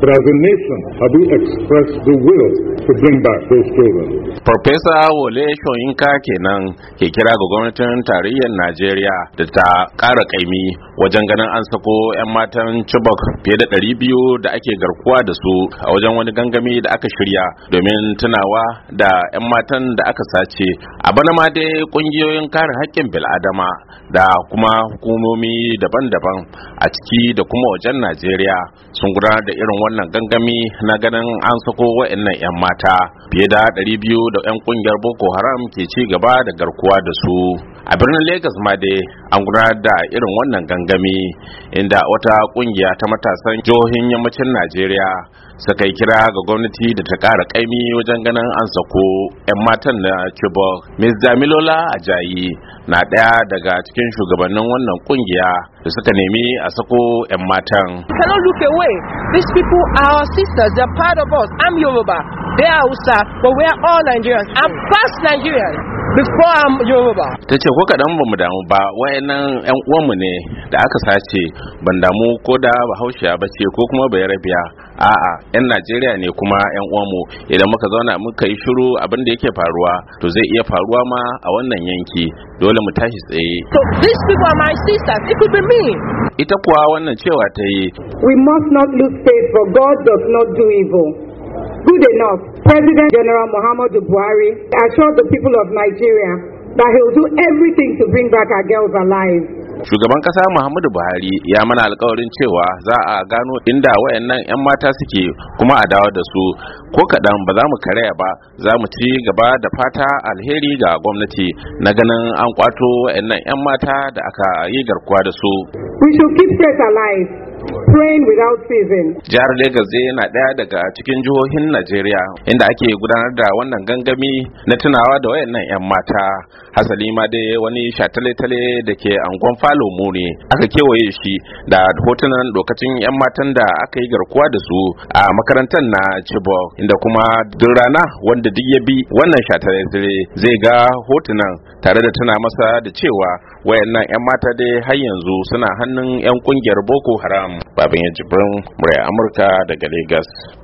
But as a nation, have we expressed the will to bring back those children? Farfesa Wole Shoyinka kenan ke kira ga gwamnatin tarayyar Najeriya da ta ƙara kaimi wajen ganin an sako 'yan matan Chibok fiye da ɗari biyu da ake garkuwa da su a wajen wani gangami da aka shirya domin tunawa da 'yan matan da aka sace. A bana ma dai ƙungiyoyin kare haƙƙin bil'adama da kuma hukumomi daban-daban a ciki da kuma wajen Najeriya sun gudanar da irin wannan gangami na ganin an sako wa'annan 'yan mata fiye da 200 da 'yan kungiyar boko haram ke ci gaba da garkuwa da su a birnin lagos ma dai an gudanar da irin wannan gangami inda wata kungiya ta matasan jihohin yammacin najeriya suka yi kira ga gwamnati da ta kara kaimi wajen ganin an sako 'yan matan na chibok ms damilola ajayi na daya daga cikin shugabannin wannan kungiya da suka nemi a sako 'yan matan. Cannot look away. These people are our sisters. they are part of us. I'm Yoruba. They are Hausa. But we are all Nigerians. I'm first nigerian Before I'm Yoruba. Ta ce ko kaɗan ba mu damu ba wayannan 'yan uwanmu ne da aka sace ban damu ko da bahaushe ba ce ko kuma bayarabiya a'a yan najeriya ne kuma yan uwanmu idan muka zauna muka yi shiru abin da yake faruwa to zai iya faruwa ma a wannan yanki dole mu tashi tsaye so these people are my sisters it could be me ita kuwa wannan cewa ta yi we must not lose faith for god does not do evil good enough president general muhammadu buhari assured the people of nigeria that he will do everything to bring back our girls alive shugaban kasa muhammadu buhari ya mana alkawarin cewa za a gano inda wayannan 'yan mata suke kuma a dawo da su ko kaɗan ba za mu karaya ba za mu ci gaba da fata alheri ga gwamnati na ganin an kwato wayannan 'yan mata da aka yi garkuwa da su we should keep alive praying without season. Jihar Legas zai yana ɗaya daga cikin jihohin Najeriya inda ake gudanar da wannan gangami na tunawa da wayannan 'yan mata. Hasali ma dai wani shatale-tale da ke angon falo ne aka kewaye shi da hotunan lokacin 'yan matan da aka yi garkuwa da su a makarantar na Chibok inda kuma duk rana wanda duk ya bi wannan shatale-tale zai ga hotunan tare da tuna masa da cewa wayannan 'yan mata dai har yanzu suna hannun 'yan kungiyar Boko Haram. babin ya jibrin murai amurka daga Legas.